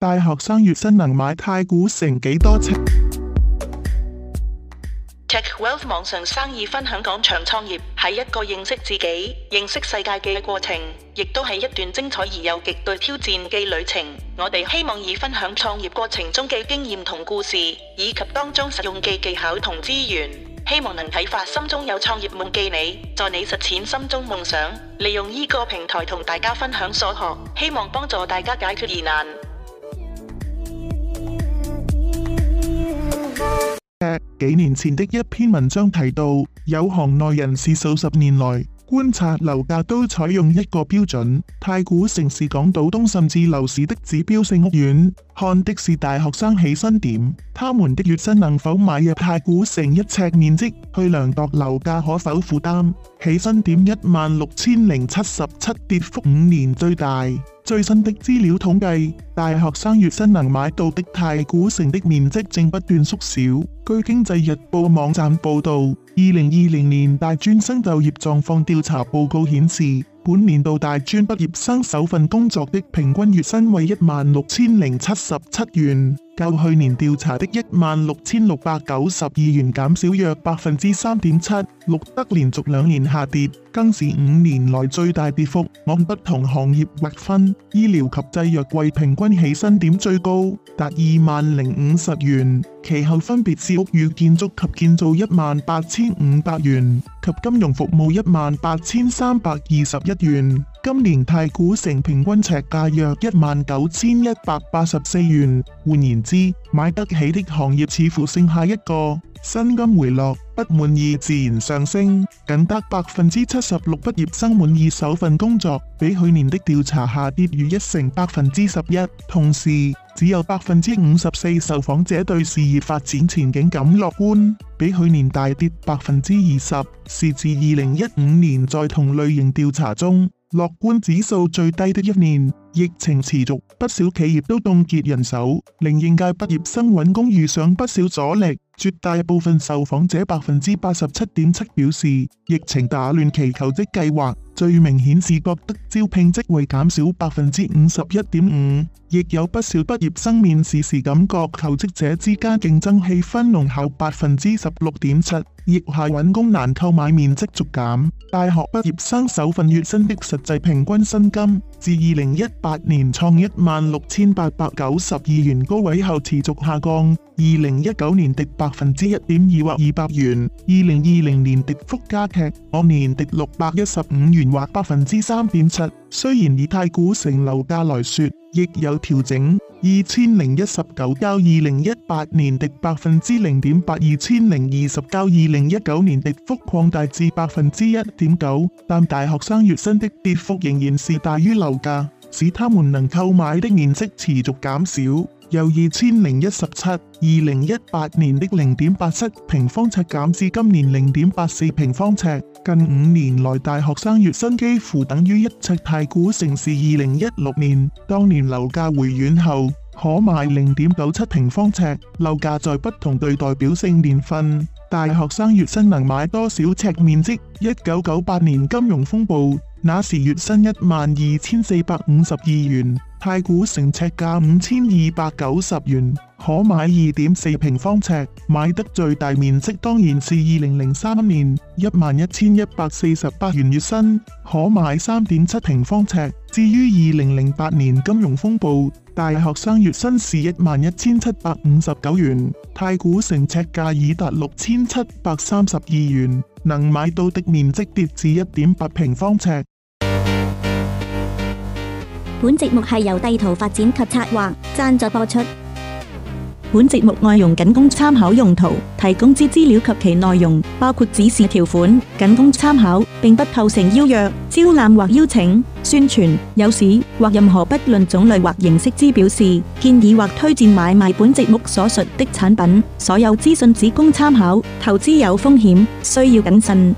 大學生月薪能買太古城幾多尺？Tech Wealth 網上生意分享廣場創業係一個認識自己、認識世界嘅過程，亦都係一段精彩而又極具挑戰嘅旅程。我哋希望以分享創業過程中嘅經驗同故事，以及當中實用嘅技巧同資源，希望能啟發心中有創業夢嘅你，助你實踐心中夢想。利用呢個平台同大家分享所學，希望幫助大家解決疑難。幾年前的一篇文章提到，有行內人士數十年來觀察樓價都採用一個標準：太古城是港島東甚至樓市的指標性屋苑，看的是大學生起薪點，他們的月薪能否買入太古城一尺面積，去量度樓價可否負擔。起薪點一萬六千零七十七，跌幅五年最大。最新的資料統計，大學生月薪能買到的太古城的面積正不斷縮小。據經濟日報網站報導，二零二零年大專生就業狀況調查報告顯示，本年度大專畢業生首份工作的平均月薪為一萬六千零七十七元。較去年調查的一萬六千六百九十二元減少約百分之三點七，錄得連續兩年下跌，更是五年來最大跌幅。按不同行業劃分，醫療及製藥嘅平均起薪點最高，達二萬零五十元，其後分別是屋宇建築及建造一萬八千五百元及金融服務一萬八千三百二十一元。今年太古城平均尺價約一萬九千一百八十四元，換言之，買得起的行業似乎剩下一個。薪金回落，不滿意自然上升，僅得百分之七十六畢業生滿意首份工作，比去年的調查下跌逾一成百分之十一。同時，只有百分之五十四受訪者對事業發展前景感樂觀，比去年大跌百分之二十，是自二零一五年在同類型調查中，樂觀指數最低的一年，疫情持續，不少企業都凍結人手，令應屆畢業生揾工遇上不少阻力。絕大部分受訪者百分之八十七點七表示，疫情打亂其求職計劃，最明顯是覺得招聘職位減少百分之五十一點五，亦有不少畢業生面試時感覺求職者之間競爭氣氛濃厚百分之十六點七。亦係揾工難，購買面積逐減。大學畢業生首份月薪的實際平均薪金，自二零一八年創一萬六千八百九十二元高位後持續下降，二零一九年跌百分之一點二或二百元，二零二零年跌幅加劇，按年跌六百一十五元或百分之三點七。雖然以太古城樓價來說，亦有調整。二千零一十九較二零一八年的百分之零點八，二千零二十較二零一九年跌幅擴大至百分之一點九，但大學生月薪的跌幅仍然是大於樓價，使他們能購買的面積持續減少。由二千零一十七、二零一八年的零點八七平方尺減至今年零點八四平方尺，近五年來大學生月薪幾乎等於一尺。太古城市二零一六年，當年樓價回暖後，可買零點九七平方尺樓價，在不同對代表性年份，大學生月薪能買多少尺面積？一九九八年金融風暴。那時月薪一萬二千四百五十二元，太古城尺價五千二百九十元，可買二點四平方尺。買得最大面積當然是二零零三年，一萬一千一百四十八元月薪，可買三點七平方尺。至於二零零八年金融風暴，大學生月薪是一萬一千七百五十九元，太古城尺價已達六千七百三十二元，能買到的面積跌至一點八平方尺。本節目係由地圖發展及策劃贊助播出。本節目內容僅供參考用途，提供之資料及其內容包括指示條款，僅供參考，並不構成邀約、招攬或邀請、宣傳、誘使或任何不論種類或形式之表示、建議或推薦買賣本節目所述的產品。所有資訊只供參考，投資有風險，需要謹慎。